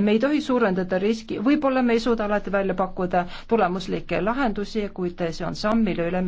me ei tohi suurendada riski, võib-olla me ei suuda alati välja pakkuda tulemuslikke lahendusi, kuid see on samm, mille üle me